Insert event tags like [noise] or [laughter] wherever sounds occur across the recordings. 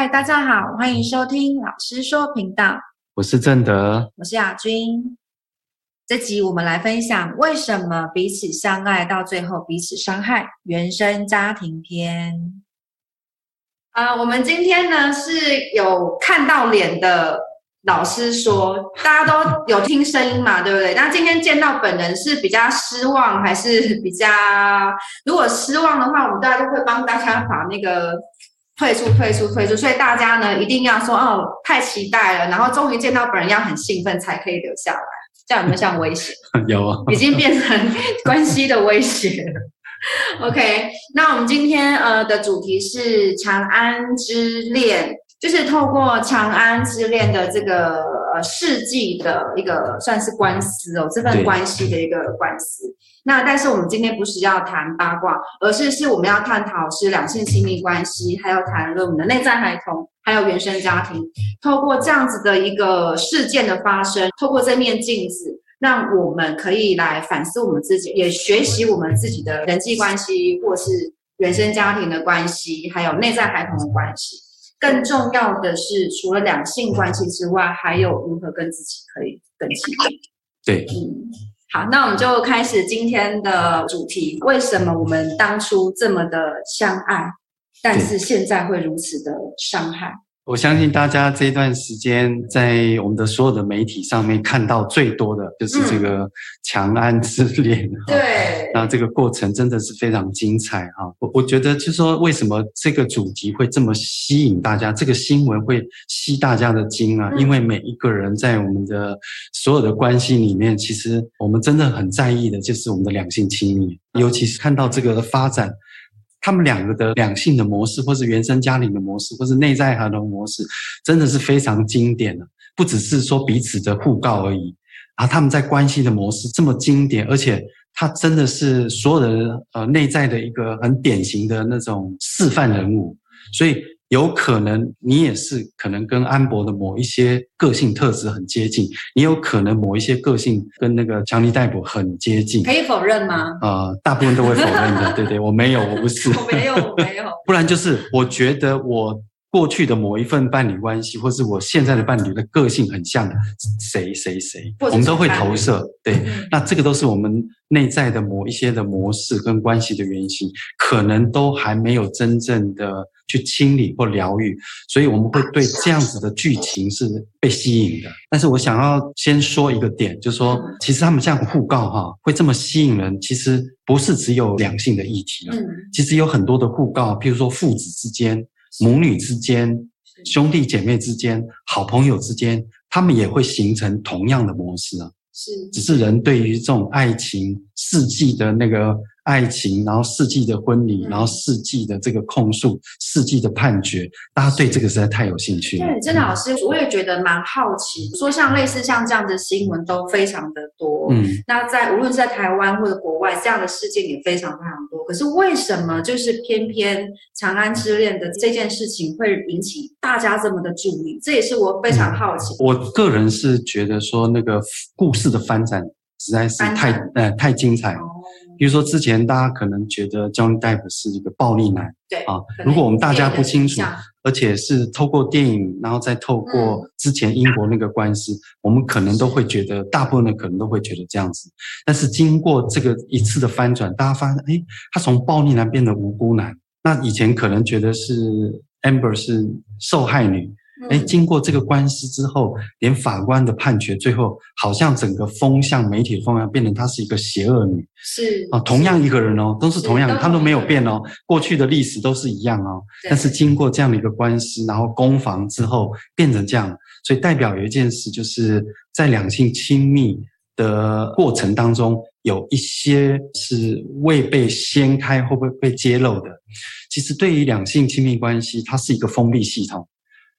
嗨，Hi, 大家好，歡迎收聽老施說頻道。我是正德，我是雅君。這集我們來分享為什麼彼此相愛到最後彼此傷害——原生家庭篇。啊、 [laughs] 呃，我們今天呢是有看到臉的老施說，大家都有聽聲音嘛， [laughs] 對不對？那今天見到本人是比較失望，還是比較……如果失望的話，我們大家就會幫大家把那個。退出，退出，退出！所以大家呢，一定要說哦，太期待了，然後終於見到本人，要很興奮才可以留下來，這樣有沒有像威脅？ [laughs] 有啊，已經變成關係的威脅了。 [laughs] OK，那我們今天呃的主題是《強安之戀》。就是透過強安之戀的這個呃事蹟的一個算是官司哦，這份關係的一個官司。對那但是我們今天不是要談八卦，而是是我們要探討是兩性親密關係，還有談論我們的內在孩童，還有原生家庭。透過這樣子的一個事件的發生，透過這面鏡子，讓我們可以來反思我們自己，也學習我們自己的人際關係，或是原生家庭的關係，還有內在孩童的關係。更重要的是，除了兩性關係之外，還有如何跟自己可以更親密。對，嗯，好，那我們就開始今天的主題：為什麼我們當初這麼的相愛，但是現在會如此的傷害？對嗯我相信大家這段時間在我們的所有的媒體上面看到最多的就是這個強安之戀。嗯，對，那這個過程真的是非常精彩哈，啊。我我覺得就是說，為什麼這個主題會這麼吸引大家，這個新聞會吸大家的精啊？因為每一個人在我們的所有的關係裡面，其實我們真的很在意的就是我們的兩性親密，尤其是看到這個的發展。他們兩個的兩性的模式，或是原生家庭的模式，或是內在孩童模式，真的是非常經典了，啊。不只是說彼此的互告而已，啊，他們在關係的模式這麼經典，而且他真的是所有的呃內在的一個很典型的那種示範人物，所以。有可能你也是，可能跟安柏的某一些個性特質很接近。你有可能某一些個性跟那個強尼戴普很接近。可以否認嗎？呃，大部分都會否認的， [laughs] 對不對？我沒有，我不是。我沒有，我沒有。 [laughs] 不然就是，我覺得我。過去的某一份伴侶關係，或是我現在的伴侶的個性很像誰誰誰、誰誰過去 我們都會投射。人對，嗯、那這個都是我們內在的某一些的模式跟關係的原型，可能都還沒有真正的去清理或療癒，所以我們會對這樣子的劇情是被吸引的。但是我想要先說一個點，就是說，嗯、其實他們這樣的互告哈、哦，會這麼吸引人，其實不是只有兩性的議題、嗯、其實有很多的互告，譬如說父子之間。母女之間、兄弟姐妹之間、好朋友之間，他們也會形成同樣的模式啊。是，只是人對於這種愛情。世紀的那個愛情，然後世紀的婚禮，嗯、然後世紀的這個控訴，世紀的判決，大家對這個實在太有興趣了。對，真的老師，我也覺得蠻好奇，嗯、說像類似像這樣的新聞都非常的多，嗯，那在無論是在台灣或者國外，這樣的事件也非常非常多。可是為什麼就是偏偏《強安之戀》的這件事情會引起大家這麼的注意？這也是我非常好奇、嗯。我個人是覺得說那個故事的發展。實在是太呃太精彩了。比如說之前大家可能覺得 Johnny Depp 是一個暴力男，對啊！如果我們大家不清楚，而且是透過電影，然後再透過之前英國那個官司，嗯、我們可能都會覺得是大部分的可能都會覺得這樣子。但是經過這個一次的翻轉，大家發現誒，他從暴力男變得無辜男。那以前可能覺得是 Amber 是受害女。哎，經過這個官司之後，連法官的判決最後好像整個風向、媒體的風向變成她是一個邪惡女，是啊，同樣一個人哦，是都是同樣，他都沒有變哦，過去的歷史都是一樣哦。對但是經過這樣的一個官司，然後攻防之後變成這樣，所以代表有一件事就是在兩性親密的過程當中有一些是未被掀開、會不會被揭露的。其實對於兩性親密關係，它是一個封閉系統。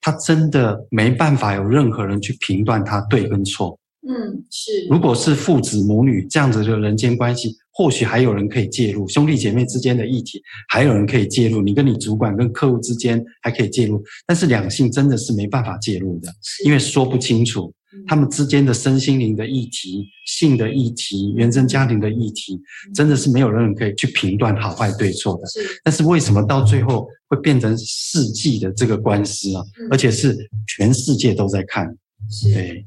他真的沒辦法有任何人去評斷他對跟錯。嗯，是。如果是父子母女這樣子的人間關係，或許還有人可以介入；兄弟姐妹之間的議題，還有人可以介入。你跟你主管跟客戶之間還可以介入，但是兩性真的是沒辦法介入的，因為說不清楚。他們之間的身心靈的議題、性的議題、原生家庭的議題，真的是沒有人可以去評斷好壞對錯的。是，但是為什麼到最後會變成世紀的這個官司啊？嗯，而且是全世界都在看。是，對，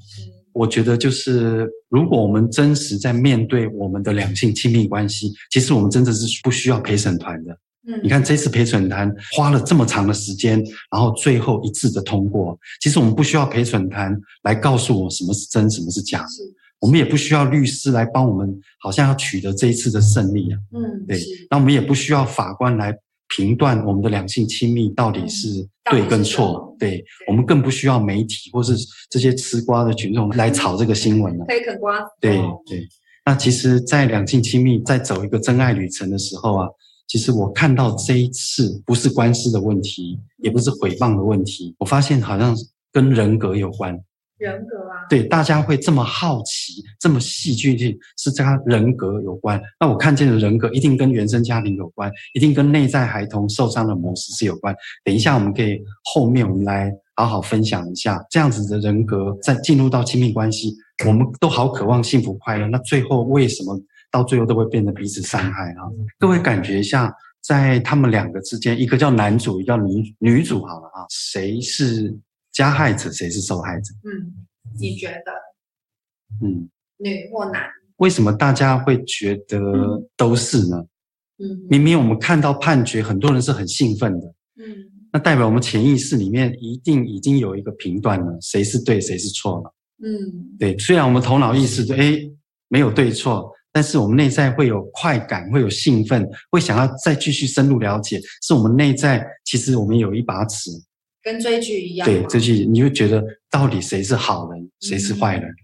我覺得就是如果我們真實在面對我們的兩性親密關係，其實我們真的是不需要陪審團的。嗯、你看這次陪審團花了這麼長的時間，然後最後一致的通過。其實我們不需要陪審團來告訴我什麼是真，什麼是假，是，是我們也不需要律師來幫我們，好像要取得這一次的勝利，啊、嗯，對。是那我們也不需要法官來評斷我們的兩性親密到底是、嗯、對跟錯。對，對我們更不需要媒體或是這些吃瓜的群眾來炒這個新聞了，啊。可以嗑瓜。哦，對對。那其實，在兩性親密在走一個真愛旅程的時候啊。其實我看到這一次不是官司的問題，也不是誹謗的問題，我發現好像跟人格有關。人格啊？對，大家會這麼好奇，這麼戲劇性，是跟人格有關。那我看見的人格一定跟原生家庭有關，一定跟內在孩童受傷的模式是有關。等一下我們可以後面我們來好好分享一下，這樣子的人格在進入到親密關係，我們都好渴望幸福快樂，那最後為什麼？到最後都會變得彼此傷害啊，各位感覺一下，在他們兩個之間，一個叫男主，一個叫女女主好了啊，誰是加害者，誰是受害者？嗯，你覺得？嗯，女或男？為什麼大家會覺得都是呢？嗯，明明我們看到判決，很多人是很興奮的。嗯，那代表我們潛意識裡面一定已經有一個評斷了，誰是對，誰是錯了。嗯，對。雖然我們頭腦意識就，誒、欸、沒有對錯。但是我們內在會有快感，會有興奮，會想要再繼續深入了解。是我們內在，其實我們有一把尺，跟追劇一,一樣。對，追劇你會覺得到底誰是好人，誰是壞人？嗯嗯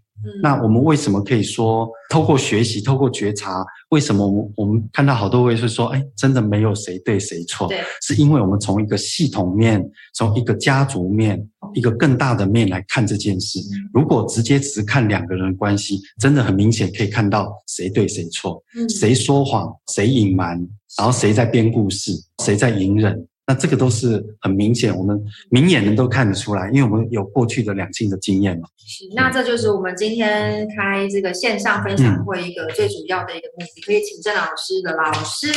那我們為什麼可以說透過學習、透過覺察，為什麼我們我們看到好多位是說，哎，真的沒有誰對誰錯？對是因為我們從一個系統面、從一個家族面、一個更大的面來看這件事。嗯、如果直接只看兩個人的關係，真的很明顯可以看到誰對誰錯，嗯、誰說謊、誰隱瞞，然後誰在編故事、誰在隱忍。那這個都是很明顯，我們明眼人都看得出來，因為我們有過去的兩性的經驗嘛是。那這就是我們今天開這個線上分享會一個最主要的一個目的，嗯、可以請鄭老師的老師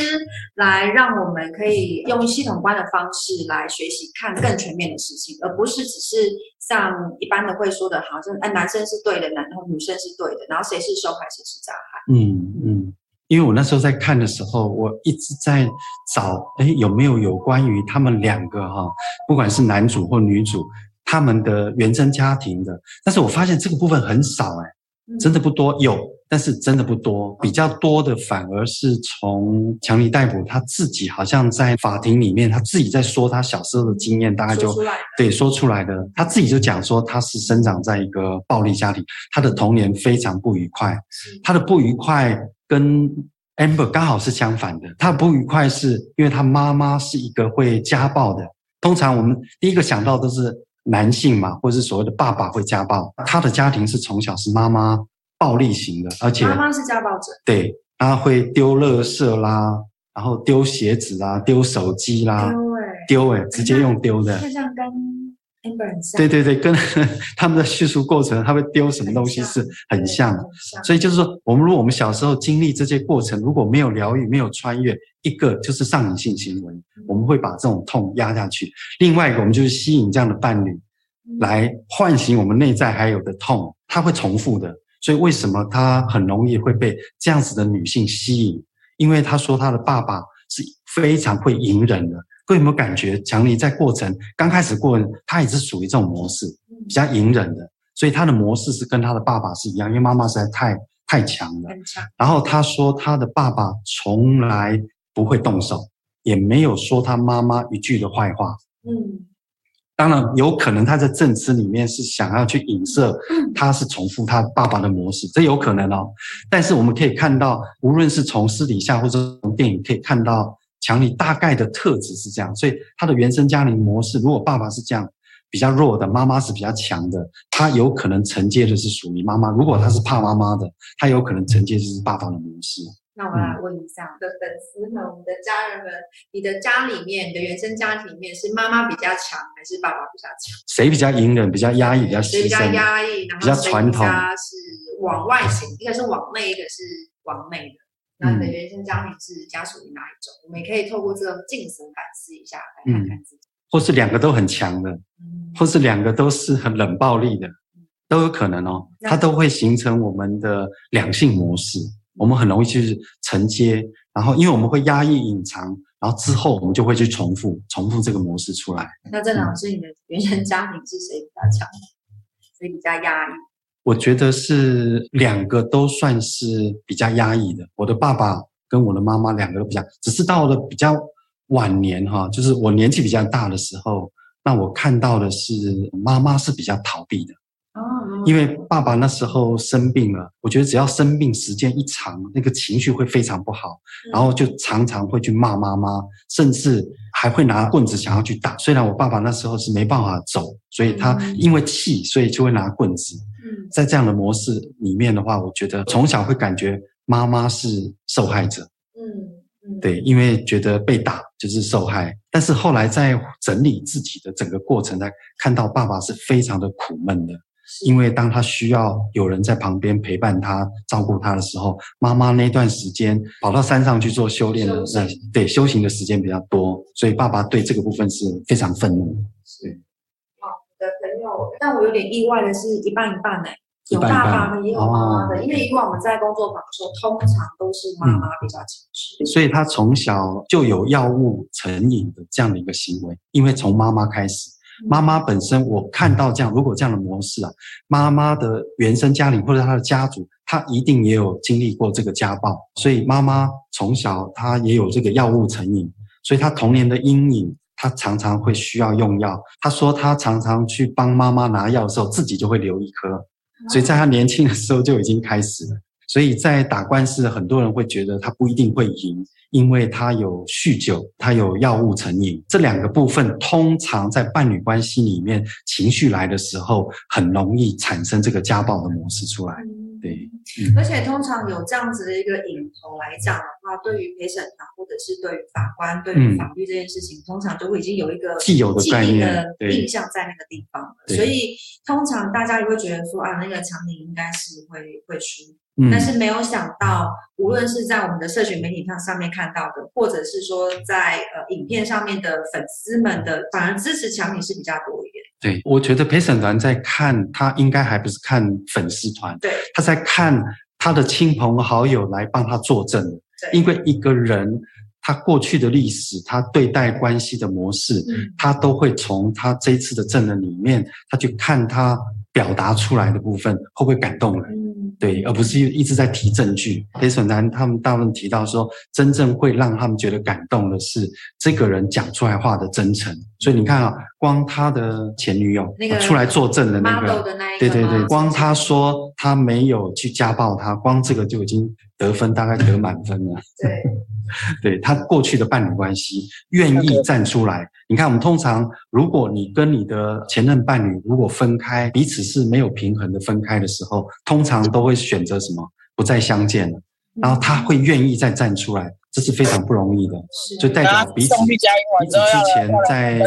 來，讓我們可以用系統觀的方式來學習看更全面的事情，而不是只是像一般的會說的，好像、哎、男生是對的，然後女生是對的，然後誰是受害者，誰是加害。嗯嗯。嗯因為我那時候在看的時候，我一直在找，誒，有沒有有關於他們兩個哈，不管是男主或女主，他們的原生家庭的？但是我發現這個部分很少，誒，真的不多。有，但是真的不多。比較多的反而是從強尼戴普他自己，好像在法庭裡面，他自己在說他小時候的經驗，大概就說對說出來的。他自己就講說，他是生長在一個暴力家庭，他的童年非常不愉快，是他的不愉快。跟 Amber 剛好是相反的。他不愉快是因為他媽媽是一個會家暴的，通常我們第一個想到都是男性嘛，或是所謂的爸爸會家暴。他的家庭是從小是媽媽暴力型的，而且媽媽是家暴者。對，他會丟垃圾啦，然後丟鞋子啊，丟手機啦，丟誒，丟誒，直接用丟的。就像跟對對對，跟他們的敘述過程，他會丟什麼東西是很像的，很像。所以就是說，我們如果我們小時候經歷這些過程，如果沒有療癒，沒有穿越，一個就是上癮性行為，嗯、我們會把這種痛壓下去。另外一個，我們就是吸引這樣的伴侶來喚醒我們內在還有的痛，他會重複的。所以為什麼他很容易會被這樣子的女性吸引？因為他說他的爸爸是非常會隱忍的。有沒有感覺？強尼在過程剛開始過程，他也是屬於這種模式，比較隱忍的。所以他的模式是跟他的爸爸是一樣，因為媽媽實在太太強了。強了，然後他說，他的爸爸從來不會動手，也沒有說他媽媽一句的壞話。嗯，當然有可能他在證詞裡面是想要去影射，他是重複他爸爸的模式，嗯、這有可能哦。但是我們可以看到，無論是從私底下，或者從電影可以看到。強，你大概的特質是這樣，所以他的原生家庭模式，如果爸爸是這樣比較弱的，媽媽是比較強的，他有可能承接的是屬於媽媽；如果他是怕媽媽的，他有可能承接就是爸爸的模式。那我來問一下我們的粉絲們、我們的家人們：你的家裡面，你的原生家庭裡面是媽媽比較強，還是爸爸比較強？誰比較隱忍、比較壓抑、比較犧牲？誰比較壓抑，然後比較傳統。是往外型，一個、嗯、是往內，一個是往內的。那你的原生家庭是歸屬於哪一種？嗯、我們也可以透過這個鏡子反思一下，來看看自己。或是兩個都很強的，嗯、或是兩個都是很冷暴力的，嗯、都有可能哦。那它都會形成我們的兩性模式，嗯、我們很容易去承接。嗯、然後，因為我們會壓抑、隱藏，然後之後我們就會去重複、重複這個模式出來。那鄭老師，嗯、你的原生家庭是誰比較強，所以比較壓抑？我覺得是兩個都算是比較壓抑的。我的爸爸跟我的媽媽兩個都比較，只是到了比較晚年哈，就是我年紀比較大的時候，那我看到的是媽媽是比較逃避的。因為爸爸那時候生病了，我覺得只要生病時間一長，那個情緒會非常不好，然後就常常會去罵媽媽，甚至還會拿棍子想要去打。雖然我爸爸那時候是沒辦法走，所以他因為氣，所以就會拿棍子。在這樣的模式裡面的話，我覺得從小會感覺媽媽是受害者。嗯，對，因為覺得被打就是受害。但是後來在整理自己的整個過程，在看到爸爸是非常的苦悶的，因為當他需要有人在旁邊陪伴他、照顧他的時候，媽媽那段時間跑到山上去做修煉的，修行。對，修行的時間比較多，所以爸爸對這個部分是非常憤怒的。對。但我有點意外的是一半一半哎、欸，一半一半有爸爸的也有、哦、媽媽的，因為以往我們在工作坊的時候，通常都是媽媽比較強勢、嗯，所以他從小就有藥物成癮的這樣的一個行為，因為從媽媽開始，媽媽本身我看到這樣，如果這樣的模式啊，媽媽的原生家庭或者他的家族，他一定也有經歷過這個家暴，所以媽媽從小他也有這個藥物成癮，所以他童年的陰影。他常常會需要用藥。他說他常常去幫媽媽拿藥的時候，自己就會留一顆。所以在他年輕的時候就已經開始了。所以在打官司，很多人會覺得他不一定會贏，因為他有酗酒，他有藥物成癮。這兩個部分，通常在伴侶關係裡面，情緒來的時候，很容易產生這個家暴的模式出來。對，嗯、而且通常有這樣子的一個影頭來講的話，對於陪審團、啊，或者是對於法官，對於法律這件事情，嗯、通常就會已經有一個既有的既定的印象在那個地方了，所以。通常大家也會覺得說啊，那個強尼應該是會會輸，嗯、但是沒有想到，無論是在我們的社群媒體上上面看到的，或者是說在呃影片上面的粉絲們的，反而支持強尼是比較多一點。對，我覺得陪審團在看他應該還不是看粉絲團，對，他在看他的親朋好友來幫他作證，對因為一個人。他過去的歷史，他對待關係的模式，他都會從他這一次的證人裡面，他去看他表達出來的部分，會不會感動人？嗯、對，而不是一直在提證據。黑選男他們大部分提到說，真正會讓他們覺得感動的是這個人講出來話的真誠。所以你看啊。光他的前女友，那個哦，出來作證的那個，那個對對對，光他說他沒有去家暴她，光這個就已經得分， [laughs] 大概得滿分了。對， [laughs] 對他過去的伴侶關係，願意站出來。 [laughs] 你看，我們通常如果你跟你的前任伴侶如果分開，彼此是沒有平衡的分開的時候，通常都會選擇什麼？不再相見了。然後他會願意再站出來。這是非常不容易的，就代表彼此，是彼此之前在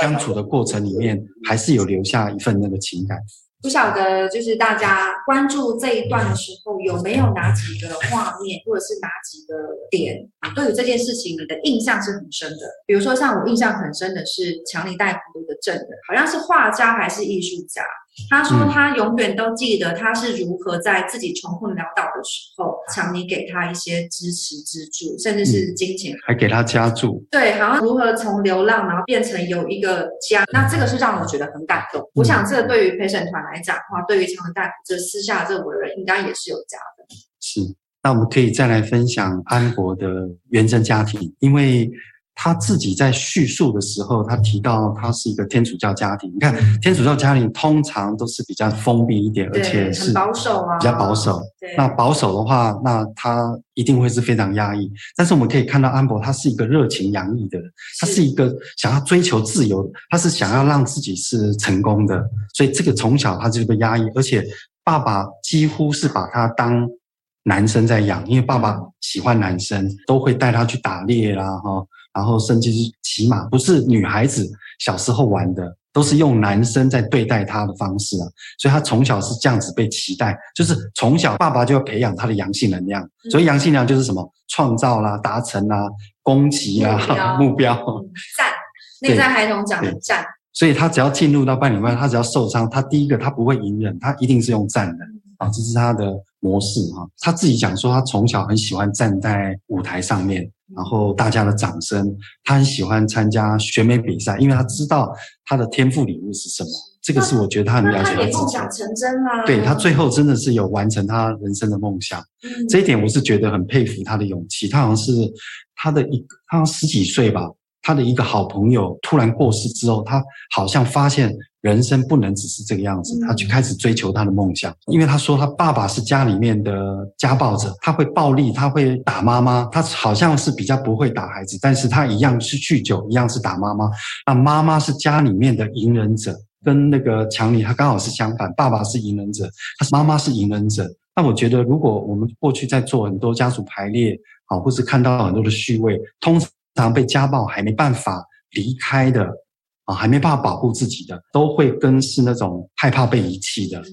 相處的過程裡面，還是有留下一份那個情感。不曉得就是大家關注這一段的時候，有沒有哪幾個畫面，或者是哪幾個點，啊、對於這件事情你的印象是很深的？比如說像我印象很深的是強尼戴普的正的，好像是畫家還是藝術家。他說他永遠都記得他是如何在自己窮困潦倒的時候，強尼、嗯、給他一些支持資助，甚至是金錢，還給他家住。對，好像如何從流浪，然後變成有一個家，嗯、那這個是讓我覺得很感動。嗯、我想這對於陪審團來講的話、嗯、對於強尼大，這私下這五人應該也是有家的。是，那我們可以再來分享安柏的原生家庭，因為。他自己在敘述的時候，他提到他是一個天主教家庭。你看，天主教家庭通常都是比較封閉一點，對而且是保守啊，比較保守。保守啊，那保守的話，那他一定會是非常壓抑。對但是我們可以看到，安柏他是一個熱情洋溢的人，是他是一個想要追求自由的，他是想要讓自己是成功的。所以這個從小他就被壓抑，而且爸爸幾乎是把他當男生在養，因為爸爸喜歡男生，都會帶他去打獵啦，啊，哈。然後甚至是騎馬，不是女孩子小時候玩的，都是用男生在對待她的方式啊，所以她從小是這樣子被期待，就是從小爸爸就要培養他的陽性能量，所以陽性能量就是什麼創造啦、啊、達成啦、啊、攻擊啦、啊、目標、目標嗯、戰、對內在孩童講戰，所以他只要進入到伴侶關係，他只要受傷，他第一個他不會隱忍，他一定是用戰的、嗯、啊，這是他的模式啊。他自己講說他從小很喜歡站在舞台上面。然後大家的掌聲，他很喜歡參加選美比賽，因為他知道他的天賦禮物是什麼。這個是我覺得他很了解的夢想成真啦、啊。對他最後真的是有完成他人生的夢想，嗯、這一點我是覺得很佩服他的勇氣。他好像是他的一個，他好像十幾歲吧，他的一個好朋友突然過世之後，他好像發現。人生不能只是這個樣子，他就開始追求他的夢想。因為他說他爸爸是家裡面的家暴者，他會暴力，他會打媽媽。他好像是比較不會打孩子，但是他一樣是酗酒，一樣是打媽媽。那媽媽是家裡面的隱忍者，跟那個強尼他剛好是相反，爸爸是隱忍者，他媽媽是隱忍者。那我覺得，如果我們過去在做很多家族排列，啊，或是看到很多的序位，通常被家暴還沒辦法離開的。還沒辦法保護自己的，都會跟是那種害怕被遺棄的。嗯、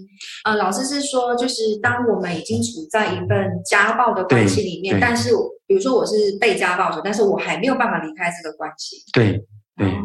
呃，老師是說，就是當我們已經處在一份家暴的關係裡面，但是比如說我是被家暴者，但是我還沒有辦法離開這個關係。對對，對哦、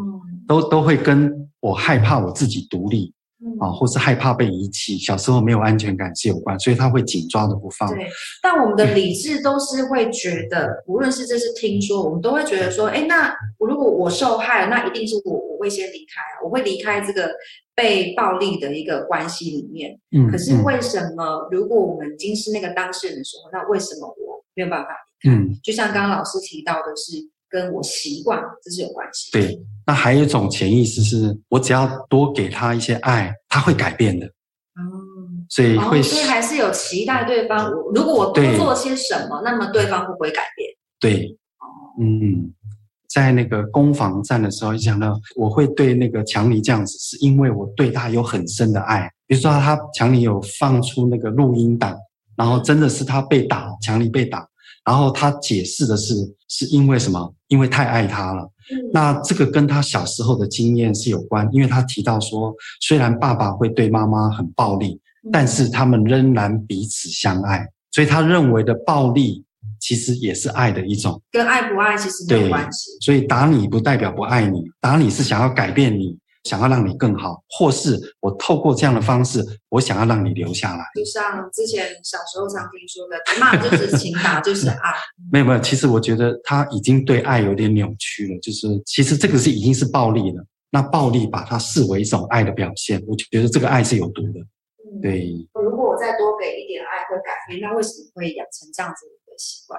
都都會跟我害怕我自己獨立。啊、哦，或是害怕被遺棄，小時候沒有安全感是有關，所以他會緊抓着不放。對，但我們的理智都是會覺得，嗯、無論是這是聽說，我們都會覺得說，誒，那如果我受害了，那一定是我我會先離開啊，我會離開這個被暴力的一個關係裡面。嗯。可是為什麼、嗯、如果我們已經是那個當事人的時候，那為什麼我沒有辦法離開？嗯、就像剛剛老師提到的是，跟我習慣這是有關係。對。那還有一種潛意識是，我只要多給他一些愛，他會改變的。哦、嗯，所以會所以還是有期待對方我。如果我多做些什麼，對那麼對方會不會改變。對，哦，嗯，在那個攻防戰的時候，一想到我會對那個強尼這樣子，是因為我對他有很深的愛。比如說他，他強尼有放出那個錄音檔，然後真的是他被打，強尼被打，然後他解釋的是，是因為什麼？因為太愛他了。那這個跟他小時候的經驗是有關，因為他提到說，雖然爸爸會對媽媽很暴力，但是他們仍然彼此相愛，所以他認為的暴力其實也是愛的一種，跟愛不愛其實沒有關係。對。所以打你不代表不愛你，打你是想要改變你。想要讓你更好，或是我透過這樣的方式，我想要讓你留下來。就像之前小時候常聽說的，打就是情打，打 [laughs] 就是愛。嗯、沒有沒有，其實我覺得他已經對愛有點扭曲了。就是其實這個是已經是暴力了。那暴力把它視為一種愛的表現，我就覺得這個愛是有毒的。嗯、對。如果我再多給一點愛會改變，那為什麼會養成這樣子一個習慣？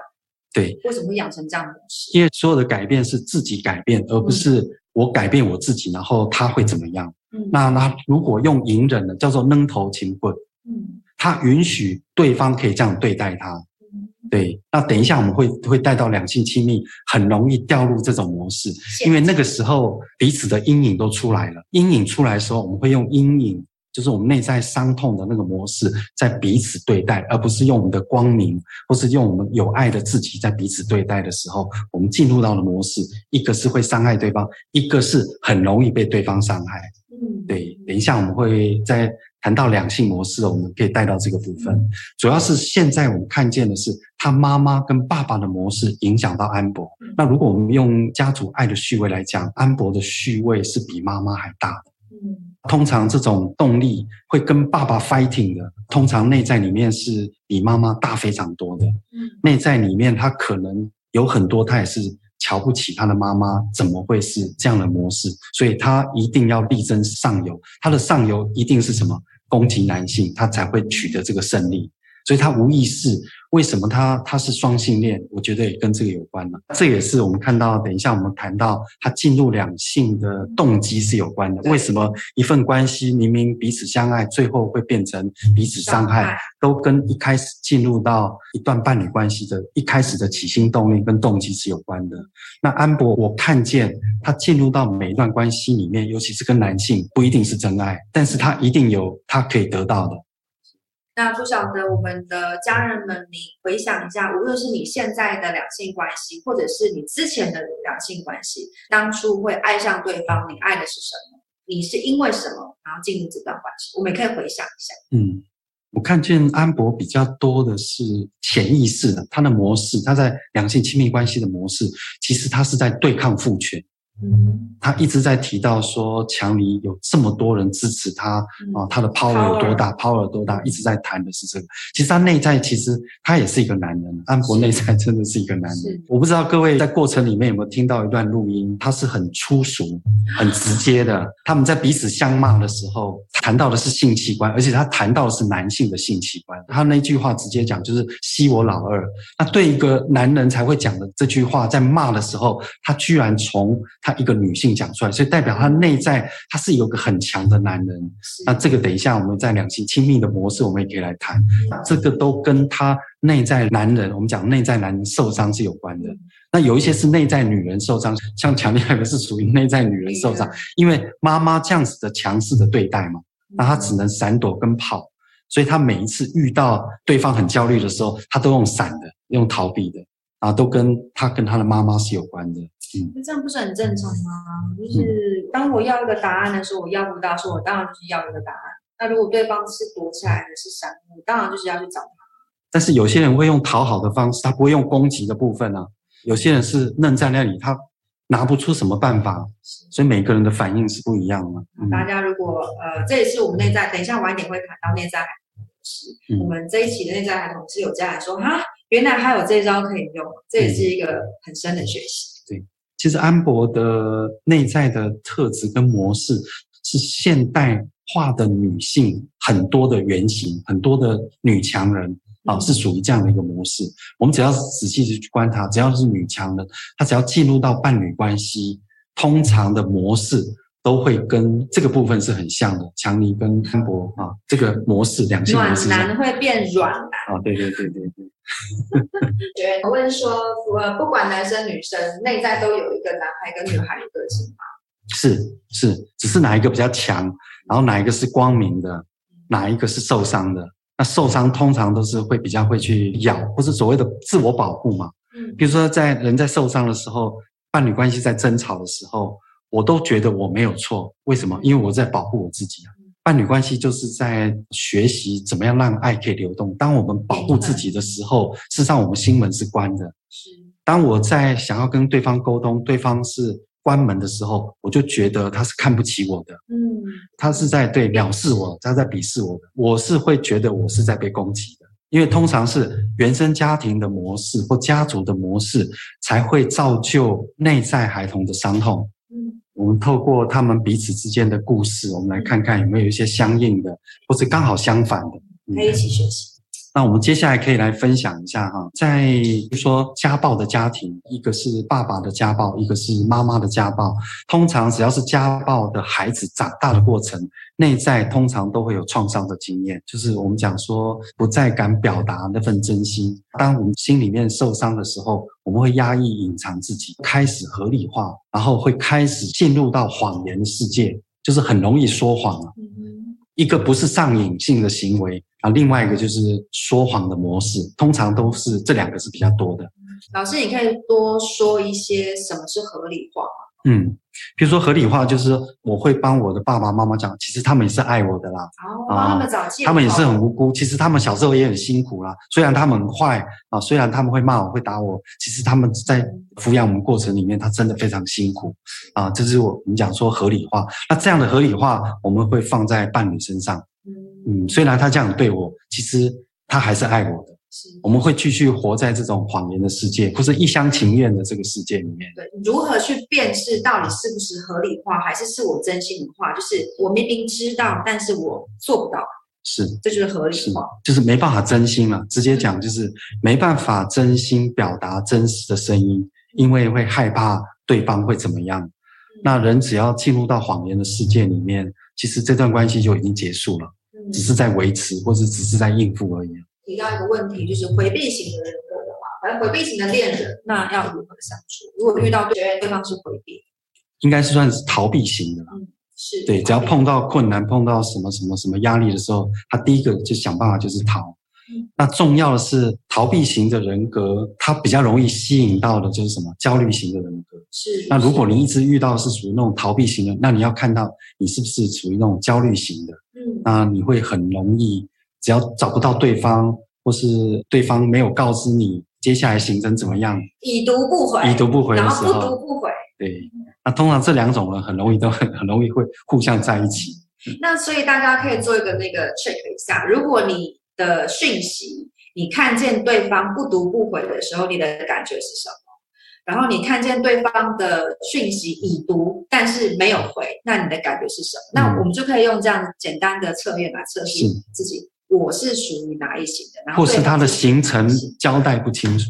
對。為什麼會養成這樣子的模式？因為所有的改變是自己改變，而不是、嗯。我改變我自己，然後他會怎麼樣？嗯、那那如果用隱忍的，叫做扔頭擒棍，嗯、他允許對方可以這樣對待他，嗯、對。那等一下我們會會帶到兩性親密，很容易掉入這種模式，的因為那個時候彼此的陰影都出來了。陰影出來的時候，我們會用陰影。就是我們內在傷痛的那個模式，在彼此對待，而不是用我們的光明，或是用我們有愛的自己，在彼此對待的時候，我們進入到的模式，一個是會傷害對方，一個是很容易被對方傷害。對。等一下我們會再談到兩性模式，我們可以帶到這個部分。主要是現在我們看見的是他媽媽跟爸爸的模式影響到安柏。那如果我們用家族愛的序位來講，安柏的序位是比媽媽還大的。通常這種動力會跟爸爸 fighting 的，通常內在裡面是比媽媽大非常多的，內在裡面他可能有很多，他也是瞧不起他的媽媽，怎麼會是這樣的模式？所以他一定要力爭上游，他的上游一定是什麼？攻擊男性，他才會取得這個勝利。所以他無意識，為什麼他他是雙性戀？我覺得也跟這個有關了。這也是我們看到，等一下我們談到他進入兩性的動機是有關的。為什麼一份關係明明彼此相愛，最後會變成彼此傷害，都跟一開始進入到一段伴侶關係的一開始的起心動念跟動機是有關的。那安柏，我看見他進入到每一段關係裡面，尤其是跟男性，不一定是真愛，但是他一定有他可以得到的。那不曉得我們的家人們，你回想一下，無論是你現在的兩性關係，或者是你之前的兩性關係，當初會愛上對方，你愛的是什麼？你是因為什麼，然後進入這段關係？我們也可以回想一下。嗯，我看見安柏比較多的是潛意識的，他的模式，他在兩性親密關係的模式，其實他是在對抗父權。嗯，他一直在提到說，強尼有這麼多人支持他啊、嗯哦，他的 power 有多大，power 有多大，一直在談的是這個。其實他內在其實他也是一個男人，安博內在真的是一個男人。是我不知道各位在過程裡面有沒有聽到一段錄音，他是很粗俗、很直接的。他們在彼此相罵的時候，談到的是性器官，而且他談到的是男性的性器官。他那句話直接講就是“吸我老二”，那對一個男人才會講的這句話，在罵的時候，他居然從她一個女性講出來，所以代表她內在她是有個很強的男人。是那這個等一下我們在兩性親密的模式，我們也可以來談。啊、這個都跟她內在男人，我們講內在男人受傷是有關的。那有一些是內在女人受傷，像強尼那個是屬於內在女人受傷，啊、因為媽媽這樣子的強勢的對待嘛，那她只能閃躲跟跑。所以她每一次遇到對方很焦慮的時候，她都用閃的，用逃避的。啊，都跟他跟他的媽媽是有關的，嗯，那這樣不是很正常嗎？就是當我要一個答案的時候，我要不到的時候，我當然就是要一個答案。那如果對方是躲起來的，是傷，我當然就是要去找他。但是有些人會用討好的方式，他不會用攻擊的部分啊。有些人是愣在那裡，他拿不出什麼辦法，是所以每個人的反應是不一樣的。嗯、大家如果呃，這也是我們內在，等一下晚點會談到內在孩童的事。嗯、我們這一期的內在孩童是有家人說哈。啊原來還有這招可以用，這也是一個很深的學習。嗯、對，對，其實安柏的內在的特質跟模式，是現代化的女性很多的原型，很多的女強人啊，是屬於這樣的一個模式。嗯、我們只要仔細去觀察，只要是女強人，她只要進入到伴侶關係，通常的模式，都會跟這個部分是很像的，強尼跟安柏啊，這個模式兩性模式。暖男會變軟。啊、哦，對對對對對。我 [laughs] [laughs] 問說，不管男生女生，內在都有一個男孩跟女孩的個性嗎？是是，只是哪一個比較強，然後哪一個是光明的，哪一個是受傷的？那受傷通常都是會比較會去咬，或是所謂的自我保護嘛。嗯。比如說，在人在受傷的時候，伴侶關係在爭吵的時候。我都覺得我沒有錯，為什麼？因為我在保護我自己啊。伴侶關係就是在學習怎麼樣讓愛可以流動。當我們保護自己的時候，事實上我們心門是關的。當我在想要跟對方溝通，對方是關門的時候，我就覺得他是看不起我的。嗯。他是在對藐視我，他在鄙視我。我是會覺得我是在被攻擊的，因為通常是原生家庭的模式或家族的模式才會造就內在孩童的傷痛。我們透過他們彼此之間的故事，我們來看看有沒有一些相應的，或者剛好相反的，嗯、可以一起學習。那我們接下來可以來分享一下哈，在比如說家暴的家庭，一個是爸爸的家暴，一個是媽媽的家暴。通常只要是家暴的孩子長大的過程，內在通常都會有創傷的經驗，就是我們講說不再敢表達那份真心。當我們心裡面受傷的時候。我們會壓抑、隱藏自己，開始合理化，然後會開始進入到謊言的世界，就是很容易說謊了。嗯。一個不是上癮性的行為啊，然後另外一個就是說謊的模式，通常都是這兩個是比較多的。老師，你可以多說一些什麼是合理化嗎？嗯，比如說合理化就是我會幫我的爸爸媽媽講，其實他們也是愛我的啦，幫、oh, oh, 嗯、他們找借口，他們也是很無辜。其實他們小時候也很辛苦啦，雖然他們很壞啊，雖然他們會罵我會打我，其實他們在撫養我們過程裡面，他真的非常辛苦啊。這是我我們講說合理化，那這樣的合理化我們會放在伴侶身上，嗯，雖然他這樣對我，其實他還是愛我的。是我們會繼續活在這種謊言的世界，不是一廂情願的這個世界裡面。對，如何去辨識到底是不是合理化，還是是我真心的話？就是我明明知道，但是我做不到。是，這就是合理化是嗎？就是沒辦法真心了，啊。直接講就是沒辦法真心表達真實的聲音，嗯、因為會害怕對方會怎麼樣。嗯、那人只要進入到謊言的世界裡面，其實這段關係就已經結束了，嗯、只是在維持，或是只是在應付而已。提到一個問題，就是回避型的人格的話，反正回避型的戀人，那要如何相處？如果遇到對、嗯、對方是回避，應該是算是逃避型的吧、嗯？是對，逃避、只要碰到困難、碰到什麼什麼什麼壓力的時候，他第一個就想辦法就是逃。嗯、那重要的是，逃避型的人格，他比較容易吸引到的，就是什麼？焦慮型的人格。是。那如果你一直遇到是屬於那種逃避型的，那你要看到你是不是屬於那種焦慮型的？嗯。那你會很容易。只要找不到對方，或是對方沒有告知你接下來行程怎麼樣，已讀不回，已讀不回，然後不讀不回，對。那通常這兩種人很容易都很、很容易會互相在一起。那所以大家可以做一個那個 check 一下，如果你的訊息你看見對方不讀不回的時候，你的感覺是什麼？然後你看見對方的訊息已讀，但是沒有回，那你的感覺是什麼？嗯、那我們就可以用這樣簡單的測驗來測試自己。我是屬於哪一型的？然後行的或是他的行程交代不清楚？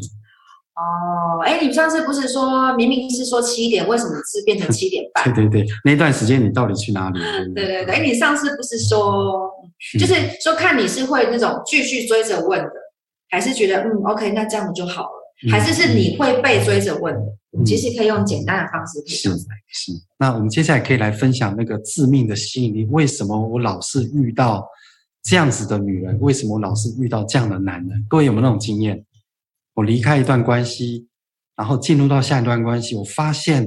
哦，哎，你上次不是說，明明是說七點，為什麼是變成七點半？ [laughs] 對對對，那段時間你到底去哪裡？對對對，哎，你上次不是說，是就是說看你是會那種繼續追着問的，嗯、還是覺得嗯，OK，那這樣就好了，嗯嗯還是是你會被追着問的？嗯嗯其實可以用簡單的方式。是是。那我們接下來可以來分享那個致命的吸引力，為什麼我老是遇到？這樣子的女人，為什麼老是遇到這樣的男人？各位有沒有那種經驗？我離開一段關係，然後進入到下一段關係，我發現，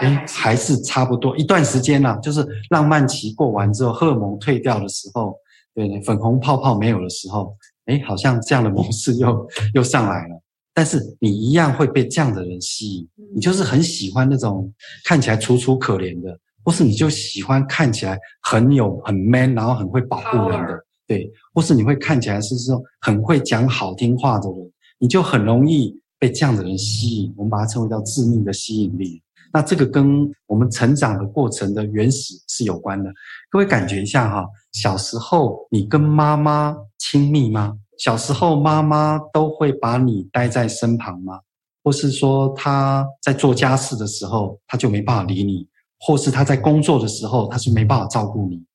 哎、欸，還是差不多一段時間啦、啊，就是浪漫期過完之後，荷爾蒙退掉的時候，對，粉紅泡泡沒有的時候，哎、欸，好像這樣的模式又 [laughs] 又上來了。但是你一樣會被這樣的人吸引，你就是很喜歡那種看起來楚楚可憐的，或是你就喜歡看起來很有很 man，然後很會保護人的。對，或是你會看起來是說很會講好聽話的人，你就很容易被這樣的人吸引。我們把它稱為叫致命的吸引力。那這個跟我們成長的過程的原始是有關的。各位感覺一下哈，小時候你跟媽媽親密嗎？小時候媽媽都會把你帶在身旁嗎？或是說他在做家事的時候，他就沒辦法理你；或是他在工作的時候，他是沒辦法照顧你。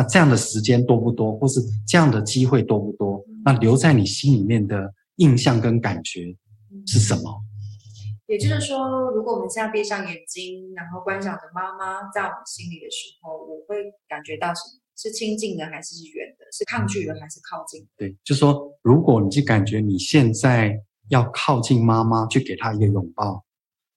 那這樣的時間多不多，或是這樣的機會多不多？嗯、那留在你心裡面的印象跟感覺是什麼？也就是說，如果我們現在閉上眼睛，然後觀想著媽媽在我們心裡的時候，我會感覺到什麼是親近的，還是遠的？是抗拒的，還是靠近的？對，就說如果你去感覺你現在要靠近媽媽，去給她一個擁抱，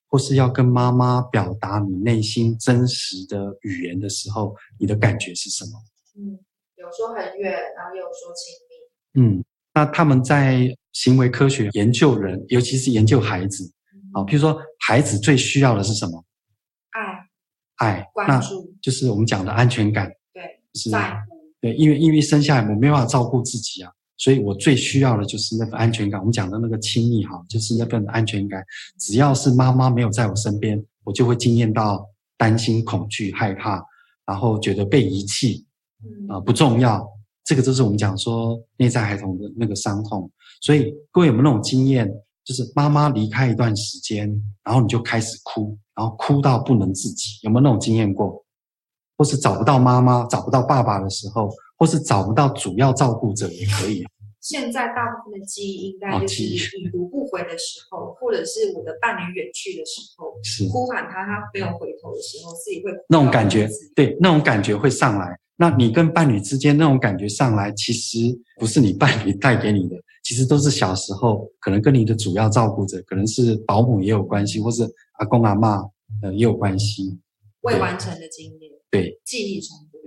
或是要跟媽媽表達你內心真實的語言的時候，你的感覺是什麼？嗯，有說很遠，然後有說親密。嗯，那他們在行為科學研究人，尤其是研究孩子，好、嗯啊，譬如說孩子最需要的是什麼？愛，愛，關注，就是我們講的安全感。對，在、就是、對，對，因為因為生下來我沒辦法照顧自己啊，所以我最需要的就是那份安全感。我們講的那個親密哈，就是那份安全感。只要是媽媽沒有在我身邊，我就會經驗到擔心、恐懼、害怕，然後覺得被遺棄。啊、呃，不重要，這個就是我們講說內在孩童的那個傷痛。所以各位有沒有那種經驗，就是媽媽離開一段時間，然後你就開始哭，然後哭到不能自己，有沒有那種經驗過？或是找不到媽媽、找不到爸爸的時候，或是找不到主要照顧者也可以、啊。現在大部分的記憶應該就是已讀不回的時候，哦、或者是我的伴侶遠去的時候，是呼喊他，他沒有回頭的時候，自己會。那種感覺，對，那種感覺會上來。那你跟伴侶之間那種感覺上來，其實不是你伴侶帶給你的，其實都是小時候可能跟你的主要照顧者，可能是保姆也有關係，或是阿公阿嬤，呃，也有關係。未完成的經驗，對，對，記憶重複，對，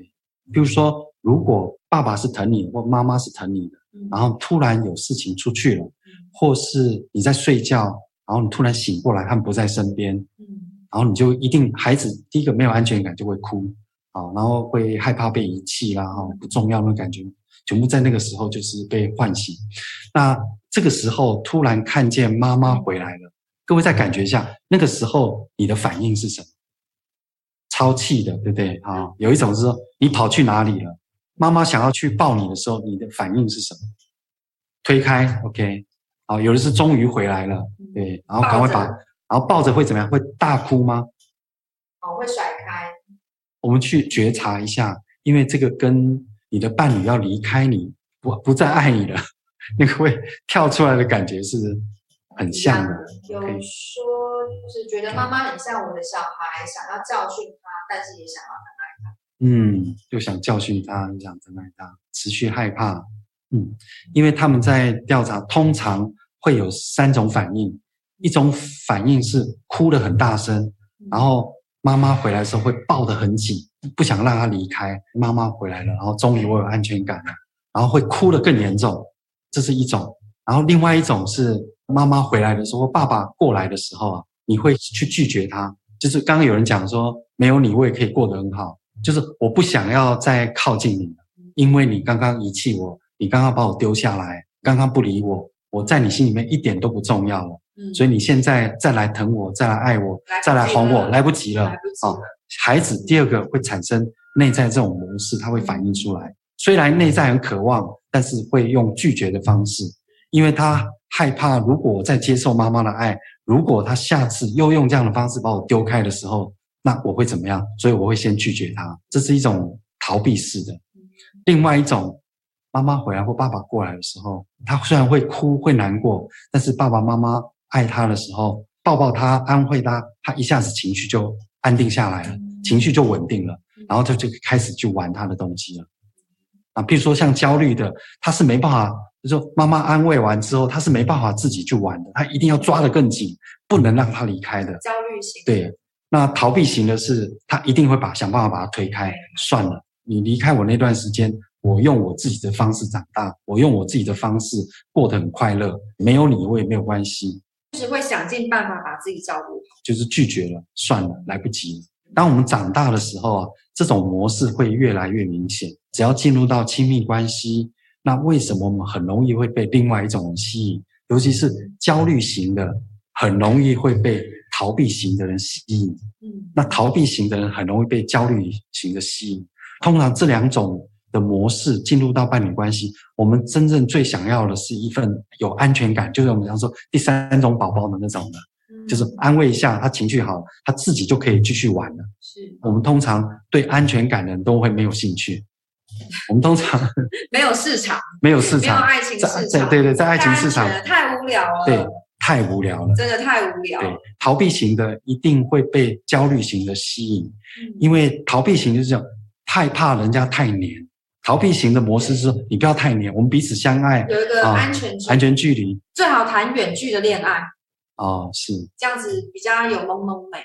比如說，如果爸爸是疼你的，或媽媽是疼你的，嗯，然後突然有事情出去了，嗯，或是你在睡覺，然後你突然醒過來，他們不在身邊，嗯，然後你就一定孩子第一個沒有安全感就會哭。啊，然後會害怕被遺棄啦、啊，不重要的感覺，全部在那個時候就是被喚醒。那這個時候突然看見媽媽回來了，各位再感覺一下，那個時候你的反應是什麼？超氣的，對不對？啊，有一種是說你跑去哪裡了？媽媽想要去抱你的時候，你的反應是什麼？推開，OK。啊，有的是終於回來了，對，然後趕快把，着然後抱着會怎麼樣？會大哭嗎？哦，會甩開。我們去覺察一下，因為這個跟你的伴侶要離開你不不再愛你了，那個會跳出來的感覺是很像的。嗯、可以，有說就是覺得媽媽很像我的小孩，想要教訓他，但是也想要疼愛他。嗯，又想教訓他，又想疼愛他，持續害怕。嗯，因為他們在調查，通常會有三種反應：一種反應是哭得很大聲，然後、嗯。媽媽回來的時候會抱得很緊，不想讓他離開。媽媽回來了，然後終於我有安全感了，然後會哭得更嚴重。這是一種。然後另外一種是媽媽回來的時候，爸爸過來的時候啊，你會去拒絕他。就是剛剛有人講說，沒有你我也可以過得很好。就是我不想要再靠近你了，因為你剛剛遺棄我，你剛剛把我丟下來，剛剛不理我，我在你心裡面一點都不重要了。所以你現在再來疼我，再來愛我，來再來哄我，來不及了。好，啊，孩子第二個會產生內在這種模式，他會反映出來。雖然內在很渴望，但是會用拒絕的方式，因為他害怕，如果我再接受媽媽的愛，如果他下次又用這樣的方式把我丟開的時候，那我會怎麼樣？所以我會先拒絕他，這是一種逃避式的。另外一種，媽媽回來或爸爸過來的時候，他雖然會哭會難過，但是爸爸媽媽愛他的時候，抱抱他，安慰他，他一下子情緒就安定下來了，情緒就穩定了，然後他就，就開始去玩他的東西了。啊，比如說像焦慮的，他是沒辦法，就說媽媽安慰完之後，他是沒辦法自己去玩的，他一定要抓得更緊，不能讓他離開的。焦慮型。對，那逃避型的是，他一定會把，想辦法把他推開，算了，你離開我那段時間，我用我自己的方式長大，我用我自己的方式過得很快樂，沒有你我也沒有關係。想盡辦法把自己照顧好，就是拒絕了，算了，來不及。當我們長大的時候啊，這種模式會越來越明顯。只要進入到親密關係，那為什麼我們很容易會被另外一種人吸引？尤其是焦慮型的，很容易會被逃避型的人吸引。嗯，那逃避型的人很容易被焦慮型的吸引。通常這兩種。的模式進入到伴侶關係，我們真正最想要的是一份有安全感，就是我們常說第三種寶寶的那種的，嗯、就是安慰一下他情緒好，他自己就可以繼續玩了。是，我們通常對安全感的人都會沒有興趣，是我們通常 [laughs] 沒有市場，沒有市場，沒有愛情市場。對，對對，在愛情市場太，太無聊了，對，太無聊了，真的太無聊了對。逃避型的一定會被焦慮型的吸引，嗯、因為逃避型就是這樣，太怕人家太黏。逃避型的模式是，對你不要太黏，對我們彼此相愛，有一個安全距、啊、安全距離，最好談遠距的戀愛。哦、啊，是這樣子比較有朦朧美。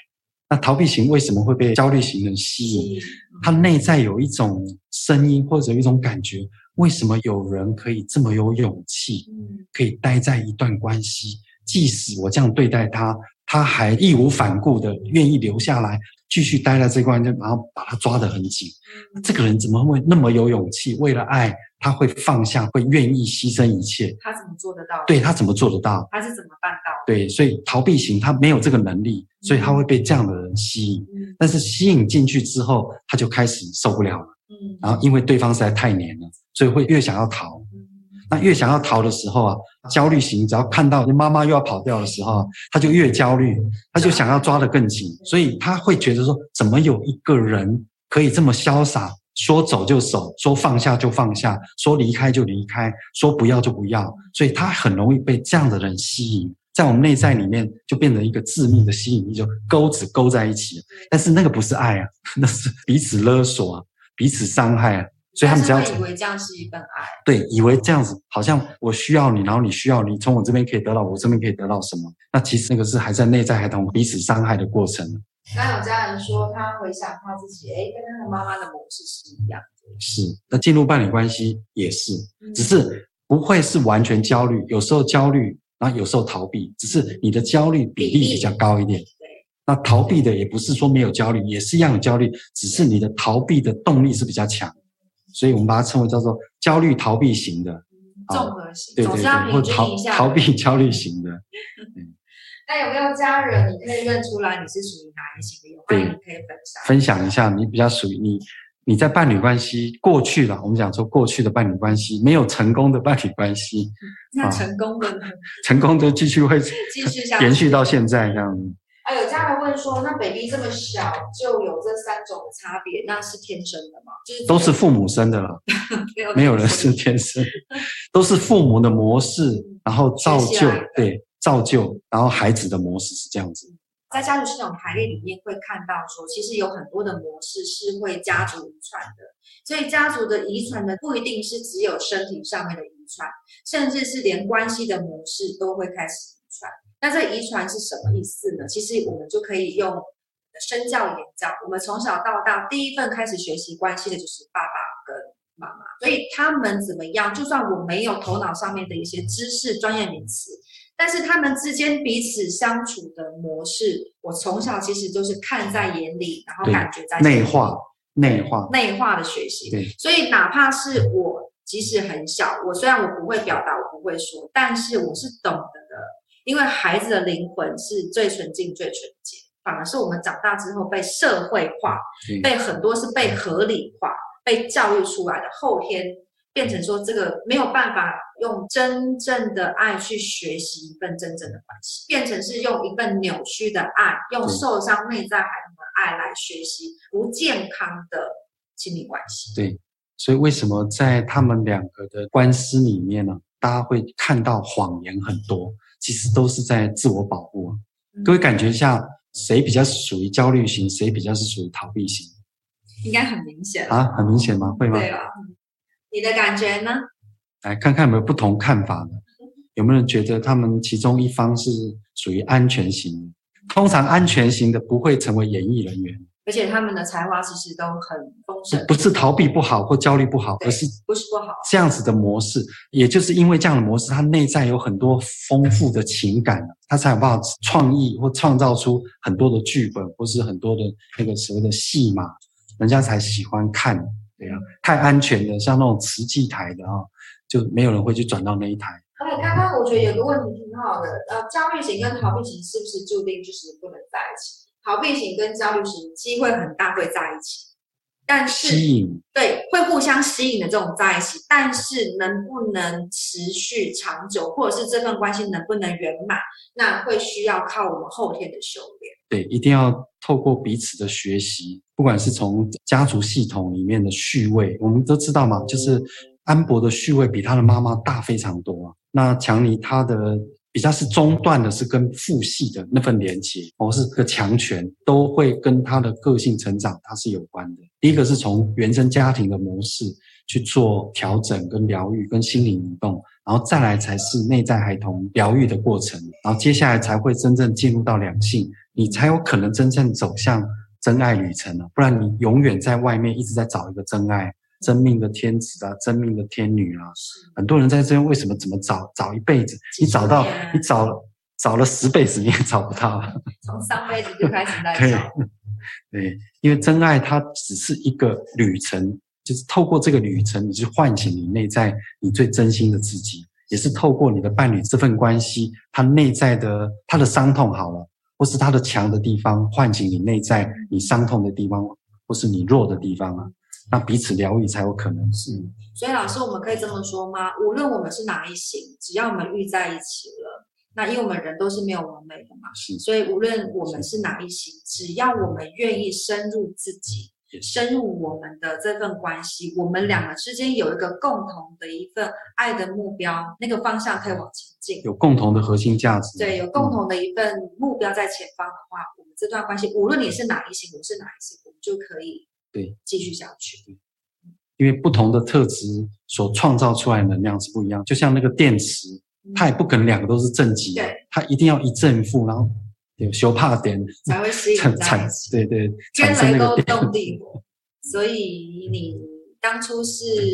那逃避型為什麼會被焦慮型人吸引？是他內在有一種聲音或者一種感覺，為什麼有人可以這麼有勇氣，嗯、可以待在一段關係，即使我這樣對待他，他還義無反顧的願意留下來？繼續待在這個關，就然後把他抓得很緊。嗯，這個人怎麼會那麼有勇氣？為了愛，他會放下，會願意犧牲一切。他怎、他怎麼做得到？對，他怎麼做得到？他是怎麼辦到？對，所以逃避型他沒有這個能力，嗯，所以他會被這樣的人吸引。嗯，但是吸引進去之後，他就開始受不了了。嗯，然後因為對方實在太黏了，所以會越想要逃。他越想要逃的時候啊，焦慮型只要看到媽媽又要跑掉的時候啊，他就越焦慮，他就想要抓得更緊，所以他會覺得說，怎麼有一個人可以這麼瀟灑，說走就走，說放下就放下，說離開就離開，說不要就不要，所以他很容易被這樣的人吸引，在我們內在裡面就變成一個致命的吸引力，就鈎子勾在一起。但是那個不是愛啊，那是彼此勒索啊，彼此傷害啊。所以他們只要以為這樣是一份愛，對，以為這樣子好像我需要你，然後你需要你從我這邊可以得到，我這邊可以得到什麼？那其實那個是還在內在孩童彼此傷害的過程。剛有家人說，他回想他自己，哎、欸，跟他的媽媽的模式是一樣的。是，那進入伴侶關係也是，嗯、只是不會是完全焦慮，有時候焦慮，然後有時候逃避，只是你的焦慮比例比較高一點。那逃避的也不是說沒有焦慮，對也是一樣的焦慮，只是你的逃避的動力是比較強。.所以我們把它稱為叫做焦慮逃避型的綜、嗯、合型、啊，對對對，是或逃逃避焦慮型的。那、嗯、有沒有家人你可以認出來你是屬於哪一型的？對有話你可以分，對分享一下，你比較屬於你你在伴侶關係、嗯、過去了，我們講說過去的伴侶關係沒有成功的伴侶關係，那成功的呢、啊，成功的繼續會繼續延續，續到現在這樣。有家人問說：“那 baby 這麼小就有這三種差別，那是天生的嗎？就是都是父母生的了，沒有 [laughs] 沒有人是天生， [laughs] 都是父母的模式， [laughs] 然後造就，對，對對造就，然後孩子的模式是這樣子。在家族系統排列裡面會看到說，其實有很多的模式是會家族遺傳的，所以家族的遺傳呢，不一定是只有身體上面的遺傳，甚至是連關係的模式都會開始遺傳。”那這遺傳是什麼意思呢？其實我們就可以用身教言教。我們從小到大，第一份開始學習關係的就是爸爸跟媽媽，所以他們怎麼樣，就算我沒有頭腦上面的一些知識、專業名詞，但是他們之間彼此相處的模式，我從小其實就是看在眼裡，然後感覺在內化、內化、內化的學習。對，所以哪怕是我，即使很小，我雖然我不會表達，我不會說，但是我是懂得。因為孩子的靈魂是最純淨、最純潔，反而是我們長大之後被社會化、嗯、被很多是被合理化、嗯、被教育出來的後天，變成說這個沒有辦法用真正的愛去學習一份真正的關係，變成是用一份扭曲的愛，用受傷內在孩童的愛來學習不健康的親密關係。對，所以為什麼在他們兩個的官司裡面呢、啊？大家會看到謊言很多。其實都是在自我保護、啊。各位感覺一下，誰比較是屬於焦慮型？誰比較是屬於逃避型？應該很明顯。啊，很明顯嗎？會嗎？對了，你的感覺呢？來看看有沒有不同看法的。有沒有人覺得他們其中一方是屬於安全型？通常安全型的不會成為演藝人員。而且他們的才華其實都很豐盛，不是逃避不好或焦慮不好，對而是不是不好這樣子的模式，不不也就是因為這樣的模式，他內在有很多豐富的情感，他才有辦法創意或創造出很多的劇本，或是很多的那個所謂的戲碼，人家才喜歡看。對啊，太安全的，像那種慈濟台的啊，就沒有人會去轉到那一台。哎，剛剛我覺得有個問題挺好的，呃，焦慮型跟逃避型是不是注定就是不能在一起？逃避型跟焦慮型機會很大會在一起，但是吸引對會互相吸引的這種在一起，但是能不能持續長久，或者是這份關係能不能圓滿，那會需要靠我們後天的修煉。對，一定要透過彼此的學習，不管是從家族系統裡面的序位，我們都知道嘛，就是安柏的序位比他的媽媽大非常多啊，那強尼他的。比較是中斷的，是跟父系的那份連接，或是個強權，都會跟他的個性成長，他是有關的。第一個是從原生家庭的模式去做調整、跟療癒、跟心靈移動，然後再來才是內在孩童療癒的過程，然後接下來才會真正進入到兩性，你才有可能真正走向真愛旅程了，不然你永遠在外面一直在找一個真愛。真命的天子啊，真命的天女啊，是很多人在這邊為什麼怎麼找找一輩子？啊、你找到，你找，是找了十輩子你也找不到，啊。從上輩子就開始在找。 [laughs] 對，對，因為真愛它只是一個旅程，就是透過這個旅程，你去喚醒你內在你最真心的自己，也是透過你的伴侶這份關係，他內在的他的傷痛好了，或是他的強的地方，喚醒你內在你傷痛的地方，或是你弱的地方啊。那彼此療癒才有可能是。所以老師，我們可以這麼說嗎？無論我們是哪一型，只要我們遇在一起了，那因為我們人都是沒有完美的嘛，是。所以無論我們是哪一型，是只要我們願意深入自己，是深入我們的這份關係，我們兩個之間有一個共同的一份愛的目標，那個方向可以往前進。有共同的核心價值。對，有共同的一份目標在前方的話，嗯、我們這段關係，無論你是哪一型，我是哪一型，我們就可以。對，繼續下去。對，因為不同的特質所創造出來的能量是不一樣，就像那個電池，嗯、它也不可能兩個都是正極的。對，它一定要一正一負，然後有休怕點才會產產對對都產生那個動力。所以你當初是，對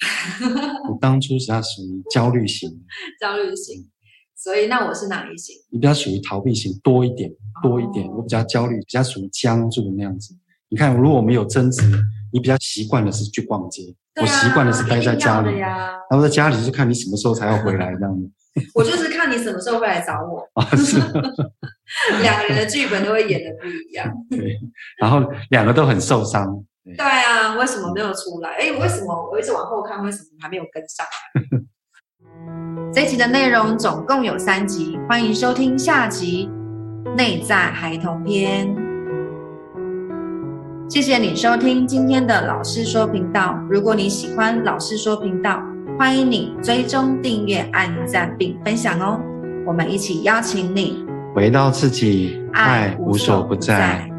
[laughs] 我當初是它屬於焦慮型。 [laughs] 焦慮型，所以那我是哪一型？你比較屬於逃避型多一點，多一點。哦、我比較焦慮，比較屬於僵住的那樣子。你看，如果我們有爭執，你比較習慣的是去逛街，啊、我習慣的是待在家裡。然後在家裡就看你什麼時候才要回來這樣子。 [laughs] 我就是看你什麼時候會來找我。兩 [laughs] 個人的劇本都會演得不一樣。對，然後兩個都很受傷。對，對啊，為什麼沒有出來？哎、欸，為什麼我一直往後看？為什麼還沒有跟上？ [laughs] 這集的內容總共有三集，歡迎收聽下集《內在孩童篇》。謝謝你收聽今天的老施說頻道。如果你喜歡老施說頻道，歡迎你追蹤、訂閱、按讚並分享哦。我們一起邀請你回到，回到自己，愛無所不在。